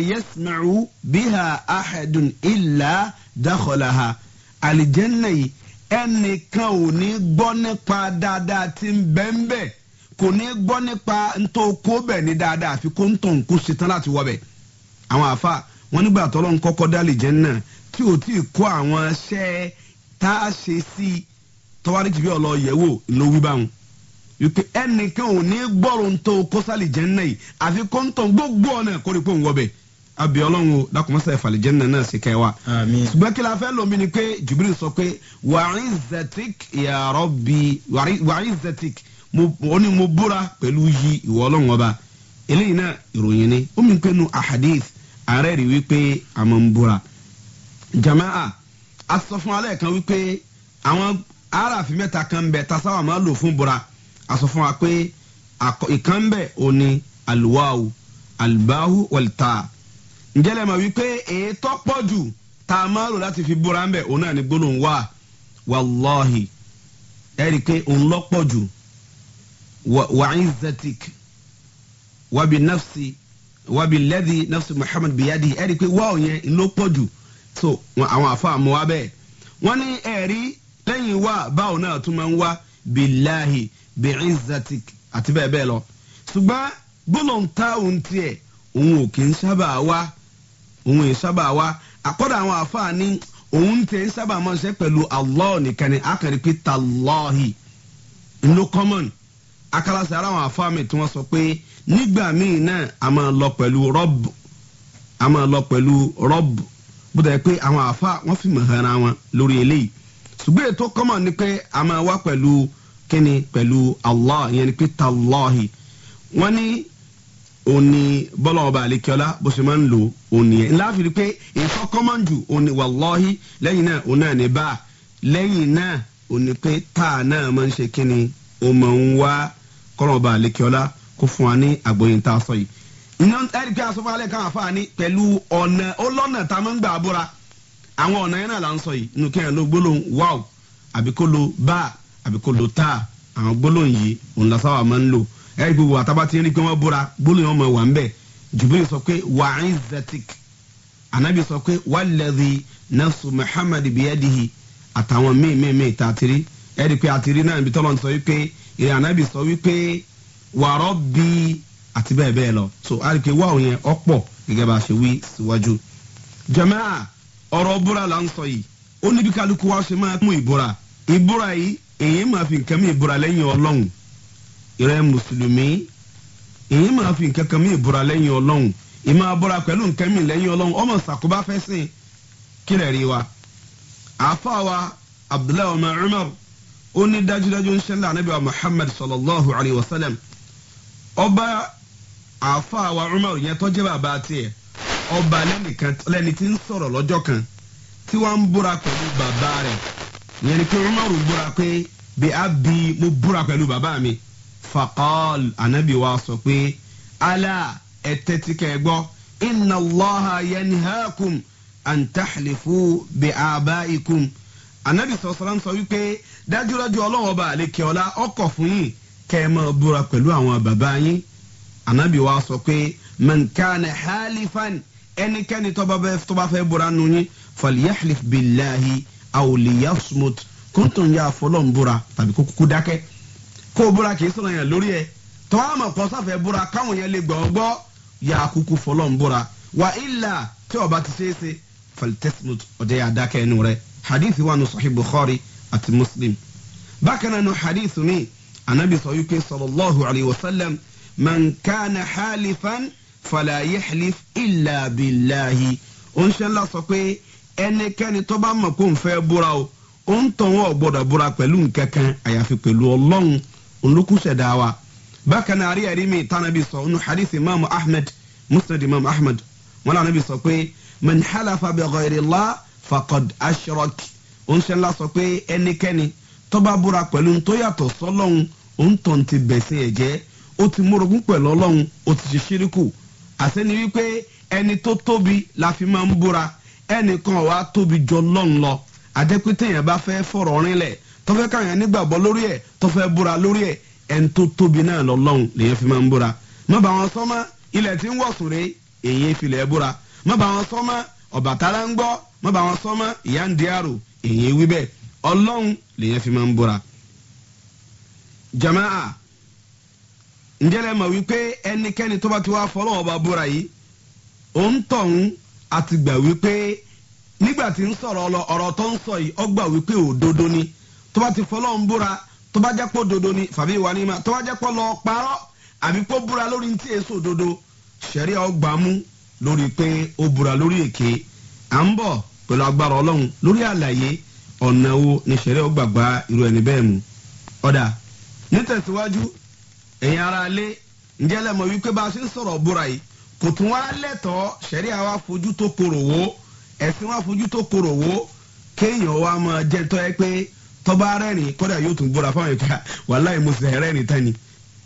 yasma'u بها أحد إلا dakhalaha àlìjẹ́nà yìí ẹnìkan ò ní gbọ́ nípa dáadáa tí ń bẹ ń bẹ̀ kò ní gbọ́ nípa ntò kó bẹ̀ ní dáadáa àfi kó ń tàn kó ṣetán láti wọ bẹ̀ àwọn àfa wọn nígbà tọ́lọ́ ń kọ́kọ́ dá àlìjẹ́nà tí ò tí ì kó àwọn ṣẹ́ tá a ṣe sí tọ́wárí jìbí ọ̀lọ́ yẹ̀wò ló wí báwọn wípé ẹnìkan ò ní gbọ́rọ̀ ntò kó sálì jẹ́ náà yìí àfi kó ń tàn gbogbo ọ̀nà kórìkó ń wọ bẹ́ẹ̀ àbí ọlọ́run o dákùnmọ́sẹ̀ ìfàlẹ̀jẹ́ nínú náà sì kẹwa. ṣùgbọ́n kí la fẹ́ lomi ni pé jubilu sọ pé wàhín zetik yàrá bi wàhín zetik ó ní mo búra pẹ̀lú yí ìwọ ọlọ́run ọba eléyìí náà ìròyìn ni ó mi nu ahadith ààrẹ rí wípé àmọ́ ń búra. jamaa a sọ fún alẹ́ kan wípé àwọn aráàfin mẹ́ta kan ń bẹ tasawa máa lò fún búra a wa pé ìkan ń bẹ òní aluwaawu alibaahu walitaa ǹjẹ́ lẹ́ mọ̀ wípé ètò pọ̀jù tá a máa rò láti fi búra ń bẹ̀ òun náà ni gbólóhùn wà wàlọ́hì ẹ rí i pé òun lọ pọ̀jù wàhín zetik wàbí nafsi wàbí lẹ́dí nafsi muhammad biyadi ẹ rí i pé wà yẹn ló pọ̀jù so àwọn àfàmù wa bẹ́ẹ̀ wọ́n ní ẹ̀rí lẹ́yìn wà báwo náà tún máa ń wá bilahi bi'in zetik àti bẹ́ẹ̀ bẹ́ẹ̀ lọ ṣùgbọ́n gbólóhùn táwọn tiẹ̀ òun ò kì í sábà wá òun ìsábà wa àkọ́dọ̀ àwọn àfáà ní òun tẹ̀ ń sábà máa ń sẹ́ pẹ̀lú allah nìkan ni akàrí pé talahi no common akalasa ara àwọn àfáà mi tí wọ́n sọ pé nígbà míì náà a máa lọ pẹ̀lú rob a máa lọ pẹ̀lú rob bó dẹ̀ pé àwọn àfáà wọ́n fi mọ̀ hàn wọn lórí eléyìí ṣùgbọ́n ètò common ni pé a máa wá pẹ̀lú kíni pẹ̀lú allah ìyẹn ni pé talahi wọ́n ní òun ni bọ́lọ́wọ́ bá àlekíọ́lá bó ṣe máa ń lò òun nìyẹn ńlá fi rí pé ìfọkọ́mọ́n jù òun ni wàlọ́hí lẹ́yìn náà òun náà bá a náà òun ni pé tá a náà máa ń ṣe kí ni o máa ń wá kọ́lọ́wọ́ bá àlekíọ́lá kó fún wa ní àgbóyin tá a sọ yìí. iná ẹ̀rí pé aṣọ fún alẹ́ káwọn afáà ní ọ̀nà ó tá a máa ń gbà búra àwọn ọ̀nà yẹn náà là ń sọ yìí inú kẹ́hìn ló gbólóhùn wáw àbíkó lo bá àbíkó lo tá àwọn gbólóhùn yìí òun ẹ̀rí gbogbo àtàbàtì yẹn ni pé wọ́n búra gbólóyìn ọmọ wà ń bẹ̀ jùbìlì sọ pé wà zatik anabi sọ pé wàlẹ́dì nẹ́sùn muhammad bíyẹ́dìhì àtàwọn míì míì míì tá a ti rí ẹ̀rí pé a náà níbi tọ́lọ́ sọ wípé ìrìn anabi sọ wípé wàrọ́ bí àti bẹ́ẹ̀ bẹ́ẹ̀ lọ so a rí pé wà òun yẹn ọ̀pọ̀ gẹ́gẹ́ bá a ṣe wí síwájú. jẹ̀mẹ́à ọ̀rọ̀ búra là ń sọ yìí ó níbi kálukú wa ṣe máa mú ìbúra ìbúra yìí èyí máa fi nǹkan mi ìbúra lẹ́yìn ọlọ́run ìrẹ́ mùsùlùmí èyí máa fi nǹkan kan míì búra lẹ́yìn ọlọ́run èyí máa búra pẹ̀lú nǹkan míì lẹ́yìn ọlọ́run ọmọ sàkóbá fẹ́ sìn kí lè rí wa. àáfàá wa abdullahi ọmọ umar ó ní dájúdájú ń ṣẹlẹ̀ anabi wa muhammad sallallahu alayhi wa sallam ọba àáfàá wa umar yẹn tọ́jú bàbá tiẹ̀ ọba lẹ́ni tí ń sọ̀rọ̀ lọ́jọ́ kan tí wọ́n ń búra pẹ̀lú bàbá rẹ̀ yẹn ni pé umar búra pé bí a bí mo búra pẹ̀lú bàbá mi fakọ́l anabi wa sọ pé ala ẹ tẹ́tí kẹ́ ẹ gbọ́ inna allaha yanhaakum antahlifu bi abaikum anabi sọ̀sọ̀rọ̀ sọ wípé dájúdájú ọlọ́wọ́ bá àlekè ọlá ọkọ̀ fún yìí kẹ́ ẹ máa búra pẹ̀lú àwọn bàbá yín anabi wa sọ pé mankana halifan ẹnikẹ́ni tó bá fẹ́ búra nù yín falyahlif billahi awliyasmut kóńtò ń yà fọlọ́n búra tàbí kó dákẹ́ kó búra kì í sọ̀rọ̀ yẹn lórí ẹ̀ tó wàá mọ̀ kọ́ sáfẹ́ búra káwọn yẹn lè gbọ́ ọ gbọ́ yà á kúkú fọlọ́ ń búra wà ilà tí ọba ti ṣe é ṣe falitesmut ọ̀dẹ́ yà dákẹ́ ẹnu rẹ̀ hadith wa nu sọ̀hí bukhari àti muslim bákan náà nu hadith mi anabi sọ wípé sallallahu alayhi wa sallam man kana halifan fala yahlif illa billahi onṣẹ́lá sọ pé ẹnikẹ́ni tó bá mọ̀ kó n fẹ́ búra o ó ń tàn gbọ́dọ̀ búra pẹ̀lú nkankan àyàfi pẹ̀lú ọlọ́run òun ló kú ṣẹ̀dá wa bákan náà àríyá rí mi tánàbí sọ nù hadith imaamu ahmed musnad imaamu ahmed wọn lànà bí sọ pé man halafa bi ghayri allah faqad ashrok òun ṣe ńlá sọ pé ẹnikẹ́ni tọ́ba búra pẹ̀lú tó yàtọ̀ sọ́lọ́hún òun tàn ti bẹ̀sẹ̀ ẹ̀jẹ̀ ó ti múrogún pẹ̀lú ọlọ́hún ó ti ṣe ṣíríkù àṣẹ wípé ẹni tó tóbi la fi máa ń búra ẹnìkan wàá tóbi jọ lọ́hún lọ àdẹ́pẹ́tẹ̀yìn bá fẹ́ fọ̀rọ̀ rinlẹ̀ tó fẹ́ káyàn nígbàgbọ́ lórí ẹ̀ tó fẹ́ búra lórí ẹ̀ ẹni tó tóbi náà lọ́lọ́run lèyàn fi máa ń búra má bá wọn sọ́mọ́ ilẹ̀ tí ń wọ̀sùn rè èyí filẹ̀ búra má bá wọn sọ́mọ́ ọ̀bàtálá ń gbọ́ má bá wọn sọ́mọ́ ìyá ń di àrò èyí wí bẹ́ẹ̀ ọlọ́run lèyàn fi máa ń búra. jamaa njẹ́ lẹ́ mọ̀ wípé ẹnikẹ́ni tó bá ti wá fọlọ́wọ́ bá búra yìí òun tọ̀hún àti gbà wípé nígbà tí ń sọ̀rọ̀ ọ̀rọ̀ tó ń sọ yìí ọgbà wípé òdodo ni tó bá ti fọlọ́run búra tó bá jẹ́ pọ̀ dodo ni fàbí wà ní ma tó bá jẹ́ pọ̀ lọ parọ́ àbí pọ̀ búra lórí ntí èso dodo sẹ̀ríà ọgbà mú lórí pé ó búra lórí èké à ń bọ̀ pẹ̀lú agbára ọlọ́run lórí àlàyé ọ̀nà wo ni sẹ̀ríà ọgbàgbà irú ẹni bẹ́ẹ̀ mu ọ̀dà nítẹ̀síwájú ẹ̀yin ara lé ǹjẹ́ lẹ́mọ̀ wípé bá a ṣe ń sọ̀rọ̀ búra yìí kò tún wá lẹ́tọ̀ọ́ sẹ̀ríà wa fojú tó korò wó ẹ̀sìn wa fojú tó korò wó kéèyàn wa máa jẹ́ tọ́ ẹ pé tọ́ba rẹ́rìn kọ́dà yóò tún búra fáwọn ìka wàláì mo sì rẹ́rìn tán ni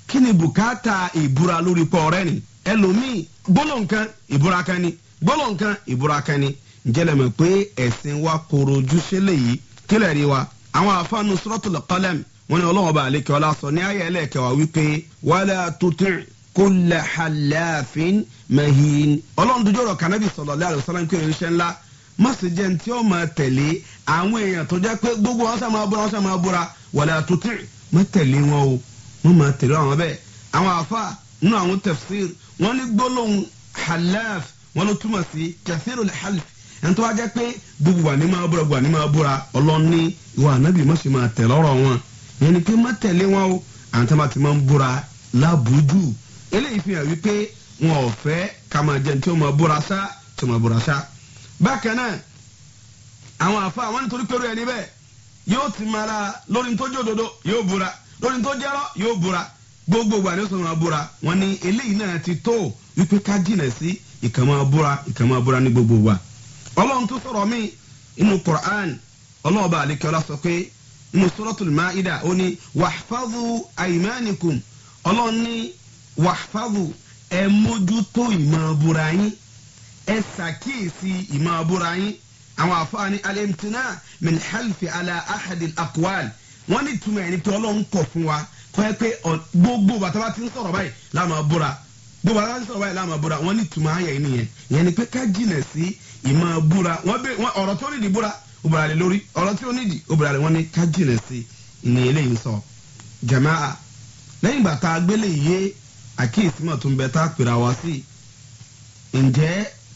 kí ni bùkátà ìbúra lórí pọ̀ rẹ́rìn ẹlòmíì gbólóhùn kan ìbúra kan ni gbólóhùn kan ìbúra kan ni pé ẹ̀sìn wa kòrò ojú ṣẹlẹ̀ yìí kílẹ̀ rí wa àwọn àfáànù sọ́tò lọ́kọ́lẹ́m wọn ni ọlọ́wọ́n bá àlékè ọlá sọ ní ayé ẹlẹ́kẹ̀wá wípé wàlẹ́ àtúntún kólẹ̀ halẹ́àfin mahin ọlọ́run dojú ọ̀rọ̀ kanabi sọ̀rọ̀ lẹ́ àlùsọ́lá ń kí oníṣẹ́ ńlá masi sì jẹ́ ntí ó máa tẹ̀lé àwọn èèyàn tó jẹ́ pé gbogbo wọn sá máa búra wọn sá máa búra wàlẹ́ àtúntì má tẹ̀lé wọn o wọ́n máa tẹ̀lé àwọn bẹ́ẹ̀ àwọn àfa nínú àwọn tafsir wọ́n ní gbólóhùn halaf wọ́n ló túmọ̀ sí kẹsìrò halif ẹni tó wá jẹ́ pé gbogbo wà ní máa búra gbogbo wà ní máa búra ọlọ́ni ìwà ànábì má sì máa tẹ̀lé ọ̀rọ̀ wọn yẹn ni pé má tẹ̀lé wọn o àwọn tó máa ti máa ń búra eléyìí fi hàn wípé wọn ò fẹ́ ká máa jẹun tí ó máa búra sá tí ó máa bákan náà àwọn àfa àwọn nítorí pẹ̀lú ẹni bẹ́ẹ̀ yóò ti máa ra lórí tó jẹ́ òdodo yóò búra lórí tó jẹ́rọ́ yóò búra gbogbo ìgbà ni ó sọ̀rọ̀ búra wọn ni eléyìí náà ti tó wípé ká jìnà sí ìkàmọ́ búra ìkàmọ́ búra ní gbogbo ìgbà ọlọ́run tó sọ̀rọ̀ mí inú Qur'an ọlọ́ọ̀bà àlekẹ́ọ́lá sọ pé inú suratul Maida ó ní wàhfàdù àìmánìkùm ọlọ́run ní wàhfàdù ẹ̀ mójútó ìmọ̀ búra yín ẹ ṣàkíyèsí ìmọ̀ àbúrò yín àwọn àfáàní alẹ́mtìnà min halfi ala ahadil akwal wọ́n ní túmọ̀ ẹni tí ọlọ́run kọ̀ fún wa kọ́ ẹ pé gbogbo bàtà bá ti ń sọ̀rọ̀ báyìí láàmú àbúrò gbogbo àwọn sọ̀rọ̀ báyìí láàmú àbúrò wọ́n ní túmọ̀ ayẹ̀ yìí nìyẹn ìyẹn ni pé ká jìnà sí ìmọ̀ àbúrò wọ́n ọ̀rọ̀ tó nídìí búra obìnrin lórí ọ̀rọ̀ tí nídìí obìnrin wọ́n ní ká jamaa lẹ́yìn bàtà agbélé yìí àkíyèsí mọ̀ tó ń bẹ tá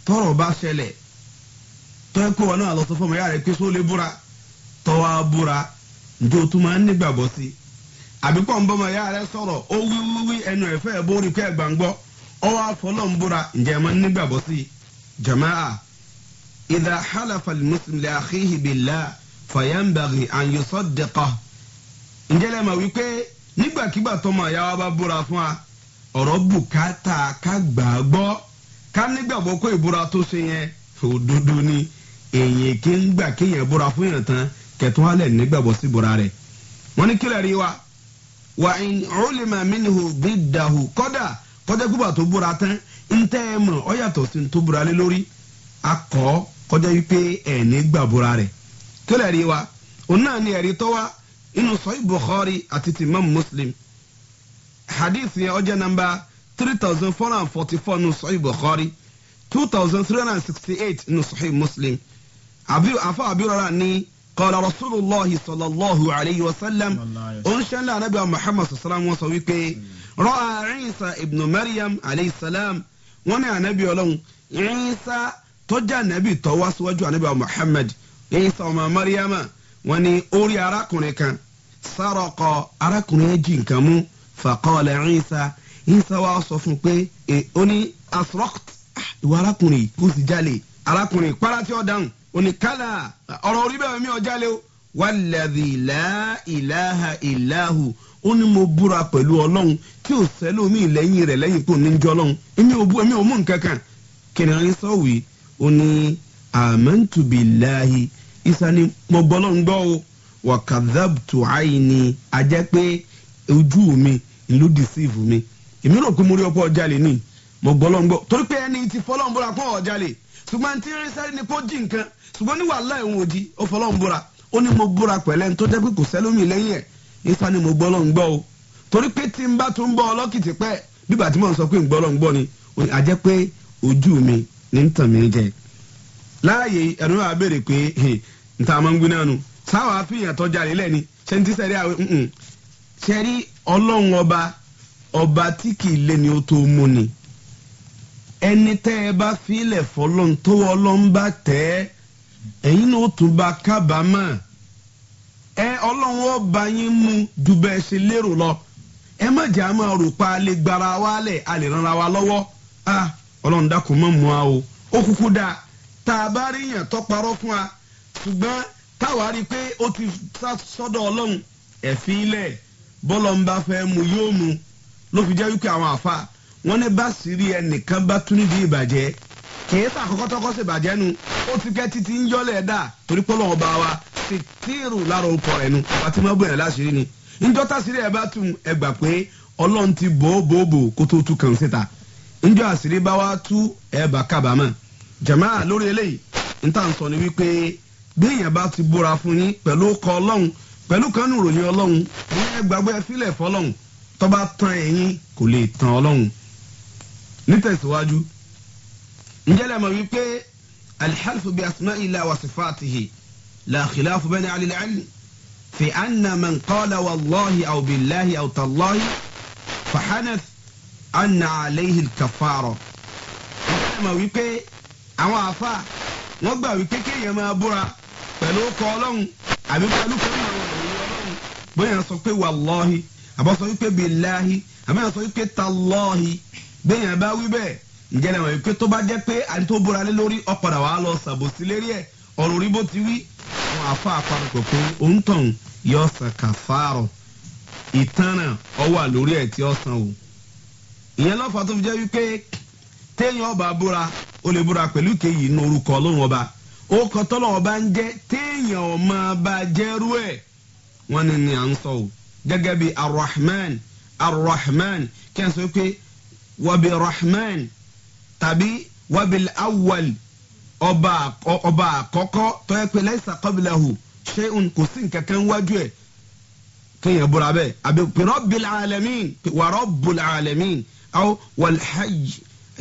tọrọ bá ṣẹlẹ̀ tọ́ ẹ kó wọn náà lọ sọ fọmọ ìyá rẹ pé só lè búra tọ́wọ́ á búra njẹ́ o tún máa ń nígbàgbọ́ sí i àbíkọ́ ń bọ́mọ ìyá rẹ sọ̀rọ̀ ó wí wíwí ẹnu ẹ̀fẹ́ ẹ̀ bórí kẹ́ ẹ̀ gbàngbọ́ ọwọ́ àfọlọ́ ń búra njẹ́ ẹ máa ń nígbàgbọ́ sí i jamaa idà halafa muslim lè àkíhì bìlá fàyàǹbàgì àyùsọ dẹkọ njẹ́ lẹ́ mà wípé nígbàkigbà tọ́mọ ìyá wa bá búra fún wa ọ̀rọ̀ bùkátà ká gbàgbọ́ Kani nígbàgbọ́ pé ìbúra tó ṣe yẹn òdodo ni èyàn kí ń gbà kéèyàn búra fún yàn tán kẹtùn alẹ nígbàgbọ́ sí ìbúra rẹ̀ wọ́n ní kílẹ̀ rí wa wà ń ọ̀lẹ́mà mínú dídàhù kọ́dà kọjá gbúgbà tó búra tán ń tẹ́ ẹ mọ̀ ọ́ yàtọ̀ sí tó búra lé lórí akọ́ kọjá wípé ẹ̀ nígbà búra rẹ̀ kílẹ̀ rí wa òun náà ni ẹ̀rí tọ́wá inú sọ́yìn bukhari àti tìmọ̀ muslim hadith yẹn ọjọ́ nàmbá 2 three thousand four hundred and forty-four nù sọ́yìn bukhari two thousand three hundred and sixty-eight nù sọ́yìn muslim afa abirora ni قال رسول الله صلى الله عليه وسلم anabi muhammad sallam wọ́n sọ wípé rọ́ọ̀ Isa ibn maryam alayhi salam wọ́n ní anabi ọlọ́run Isa tọ́jà anabi tọ́wá síwájú anabi muhammad Isa ọmọ maryam wọ́n ní orí arákùnrin kan sárọ̀kọ arákùnrin yẹn jí isa wa sọ fún pé e, ó ní asrokt ìwà arákùnrin kò sì jalè arákùnrin para tí ó dáhùn ó ní kálá ọ̀rọ̀ orí bẹ́ẹ̀ mi ò jalè o wàlẹ́dì ìlàhà ìlàhù ó ní mo búra pẹ̀lú ọlọ́run tí ò sẹ́lómi lẹ́yìn rẹ̀ lẹ́yìn kò ní jọ ọlọ́run èmi ò bú èmi ò mú nǹkan kan kìnìún ní sọ́wìí ó ní àmọ́ntùbìláhi isa ni mo gbọ́ ọlọ́run gbọ́ o wàkàdàbùtù àyìn ni ajẹ́ pé ojú mi ló dìsíìfù mi èmi rò pé mo ọkọ ọjàlè ni mo gbọ́ lọ́ngbọ́ torí pé ẹni tí fọlọ́nbúra pọ̀ ọjàlè ṣùgbọ́n tí rí sáré ni kó jí nǹkan ṣùgbọ́n ní wàhálà ẹ̀hún ó ó ní mo búra pẹ̀lẹ́ tó jẹ́ pé kò sẹ́lómi lẹ́yìn ni mo gbọ́ o torí pé tí n bá tún bọ́ pẹ́ bíbà tí ni a jẹ́ pé ojú mi ní láàyè ẹ̀rọ wa béèrè pé máa ń gbin náà ọba tí kì lé ni ó tó mú ni ẹni tẹ́ ẹ bá filẹ̀ fọlọ́n tó ọlọ́n bá tẹ́ ẹ ẹ̀yin náà ó tún bá kábàámà ẹ ọlọ́run ọba yín mú ju bẹ́ẹ̀ ṣe lérò lọ ẹ má jẹ́ àmọ́ rò lè gbara wa lẹ̀ a lè lọ́wọ́ a ọlọ́run dákun mọ́ o ó kúkú tá a fún wa ṣùgbọ́n táwa rí pé ó ti sọ́dọ̀ ọlọ́run ló fi jẹ́ wípé àwọn àfa wọn ní bá sírí ẹnìkan bá tún nídìí ìbàjẹ́ kìí sàkọ́kọ́ tọ́kọ́ sí ìbàjẹ́ nu ó ti kẹ́ títí ń jọ́lẹ̀ dà torí pé lọ́wọ́ bá wa ti tíìrù lára orúkọ rẹ̀ nu àwa tí wọ́n bẹ̀rẹ̀ láṣìírí ni ńjọ́ tásìírí ẹ̀ bá tún ẹ gbà pé ọlọ́run ti bò ó bò ó bò kó tó tú kàn síta ńjọ́ àṣírí bá wa tú ẹ bá kábàámọ̀ jama lórí eléyìí ń tà ń sọ ni wípé bí èèyàn bá ti búra fún yín pẹ̀lú ọkọ̀ ọlọ́run pẹ̀lú kanú ìròyìn ọlọ́run ní ẹgbàgbọ́ ẹ fílẹ̀ fọlọ́run tọ́ba tán ẹ̀yìn kò lè tán ọlọ́run nítẹ̀síwájú ǹjẹ́ lẹ́mọ̀ wípé alḥalfu bi asuma ilà wasifatihi làkìlá fún bẹ́ẹ̀ ni alilẹ́ni fi anna man qala wàllọ́hi àwùbíláhi àwùtàlọ́hi fàhánẹ́t anna aleyhi kàfàrọ̀ ǹjẹ́ lẹ́mọ̀ wípé àwọn àfa wọ́n gbà wípé kéèyàn máa búra pẹ̀lú ọkọ̀ ọlọ́run àbí pẹ̀lú kẹ́mìnà ọlọ́run bóyá sọ pé wàllọ́hi. àbá sọ wípé billahi àbá sọ wípé tallahi bẹ́ẹ̀yàn bá wí bẹ́ẹ̀ ìjẹ́lẹ̀ wọ̀nyí pé tó bá jẹ́ pé àti tó bóra lé lórí ọ̀padà wàá lọ sàbòsí lérí ẹ̀ ọ̀rọ̀ orí bó ti wí àwọn afọ àparapọ̀ pé òǹtọ̀hún yọ sàn kàfàrọ̀ ìtanà ọwà lórí ẹ̀ tí san o ìyẹn lọ́fà tó fi jẹ́ wípé téèyàn ọba ó lè pẹ̀lú kéyìí inú orúkọ ọlọ́run ọba ó ọba ń jẹ́ téèyàn ọmọ ọba jẹ́rú ẹ̀ o. gẹ́gẹ́ bí arahman arahman kí n sọ pé wabi rahman tàbí wabil awwal ọba àkọ́kọ́ tó yẹ pé laisa qablahu ṣéun kò sí nǹkan kan wájú ẹ̀ kéèyàn búra bẹ́ẹ̀ àbí rabbil alamin wa rabbul alamin aw wal hajj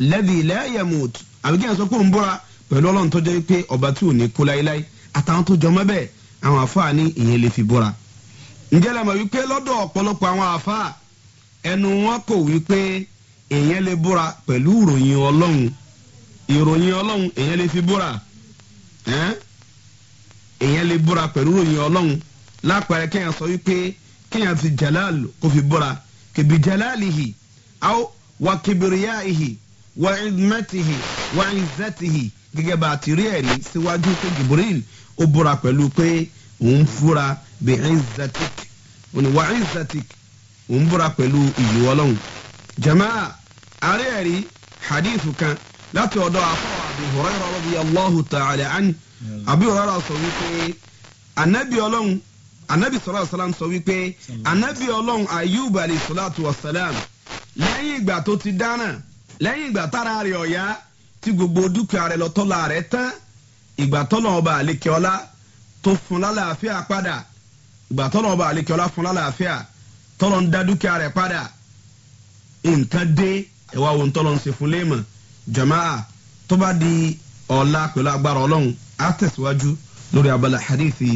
alladhi la yamut àbí kéèyàn sọ pé òun búra pẹ̀lú ọlọ́run tó jẹ́ pé ọba tí ò ní kú láéláé àtàwọn tó jọmọ́ bẹ́ẹ̀ àwọn àfáà ní ìyẹn lè fi búra ǹjẹ́ lẹ mọ̀ wípé lọ́dọ̀ ọ̀pọ̀lọpọ̀ àwọn àáfàá ẹnu wọn kò wípé èèyàn lè búra pẹ̀lú ìròyìn ọlọ́run ìròyìn ọlọ́run èèyàn lè fi búra èèyàn lè búra pẹ̀lú ìròyìn ọlọ́run lápẹẹrẹ kéèyàn sọ wípé kéèyàn fi jalal kó fi búra kìbí jalalihi aw wa kibiriyaihi wa idmatihi wa izatihi gẹ́gẹ́ bá a ti rí ẹ̀rí síwájú pé jibril ó búra pẹ̀lú pé òun fúra bí izatik òní wàá ìzàtìk òun búra pẹ̀lú ìlú ọlọ́run. jamaa àárẹ̀ ẹ̀rí hadith kan láti ọ̀dọ̀ àfọwọ́ àbí hùrẹ́rọ̀ rọ̀bì allahu ta'ala ani àbí hùrẹ́rọ̀ sọ wípé anabi ọlọ́run anabi sọ̀rọ̀ sàlám sọ wípé anabi ọlọ́run ayub alayhi salatu wa salam lẹ́yìn ìgbà tó ti dáná lẹ́yìn ìgbà tára rẹ̀ ọ̀yá tí gbogbo dúkìá rẹ̀ lọ́tọ́lá rẹ̀ tán ìgbà tọ́lọ́ ọba àlekè tó fún lálàáfíà padà ìgbà tọ́lọ̀ ọba àlekíọ́lá fún lálàáfíà tọ́lọ̀ ń dá dúkìá rẹ̀ padà nǹkan dé ẹ̀wá wo tọ́lọ̀ ń ṣe fún léèmọ̀ jamaa tó bá di ọ̀la pẹ̀lú agbára ọlọ́run á tẹ̀síwájú lórí abala hadithi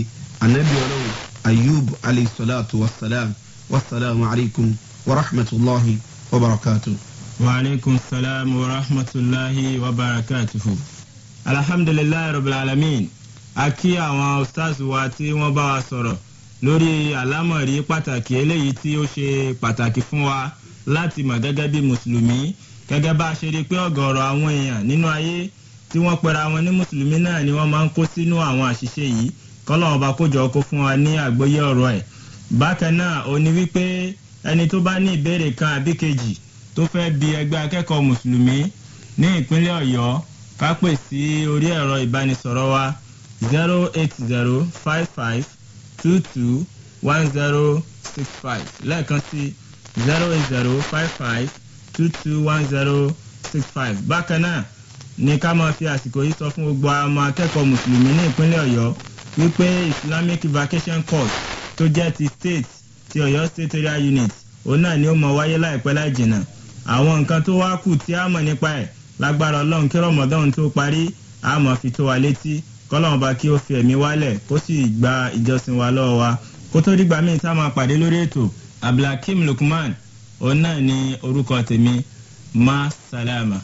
anabi ọlọ́run ayub alayhi salatu wa salam wa salamu alaykum wa rahmatulahi wa barakatuh. وعليكم السلام ورحمة الله وبركاته الحمد لله رب العالمين أكي أوان أستاذ واتي وبا lórí àlámọ̀rí pàtàkì eléyìí tí ó ṣe pàtàkì fún wa láti mọ̀ gẹ́gẹ́ bí mùsùlùmí gẹ́gẹ́ bá a ṣe rí i pé ọ̀gọ̀ọ̀rọ̀ àwọn èèyàn nínú ayé tí wọ́n pera wọn ní mùsùlùmí náà ni wọ́n máa ń kó sínú àwọn àṣìṣe yìí kọ́lọ́wọ́n bá kójọ kó fún wa ní àgbọ́yé ọ̀rọ̀ ẹ̀ bákan náà ó ní wípé ẹni tó bá ní ìbéèrè kan àbí kejì tó fẹ́ bi ẹgbẹ́ akẹ́kọ̀ọ́ mùsùlùmí ní ìpínlẹ̀ ọ̀yọ́ ká pè sí orí ẹ̀rọ ìbánisọ̀rọ̀ wa zero eight zero five five two two one zero six five lẹ́ẹ̀kan sí zero eight zero five five two two one zero six five bákan náà ni ká máa fi àsìkò yìí sọ fún gbogbo ọmọ akẹ́kọ̀ọ́ mùsùlùmí ní ìpínlẹ̀ ọ̀yọ́ wípé islamic vacation course tó jẹ́ ti state ti ọ̀yọ́ state area unit òun náà ni ó mọ wáyé láìpẹ́ láì jìnnà àwọn nǹkan tó wá kù tí a mọ̀ nípa ẹ̀ lágbára ọlọ́run kí rọmọdán tó parí a mọ̀ fi tó wa létí kọ́lọ́run bá kí ó fi ẹ̀mí wálẹ̀ kó sì gba ìjọsìn wa lọ́wọ́ wa kó tó dìgbà míì tá a máa pàdé lórí ètò abdulhakeem lukman òun náà ni orúkọ tèmi má sálámà.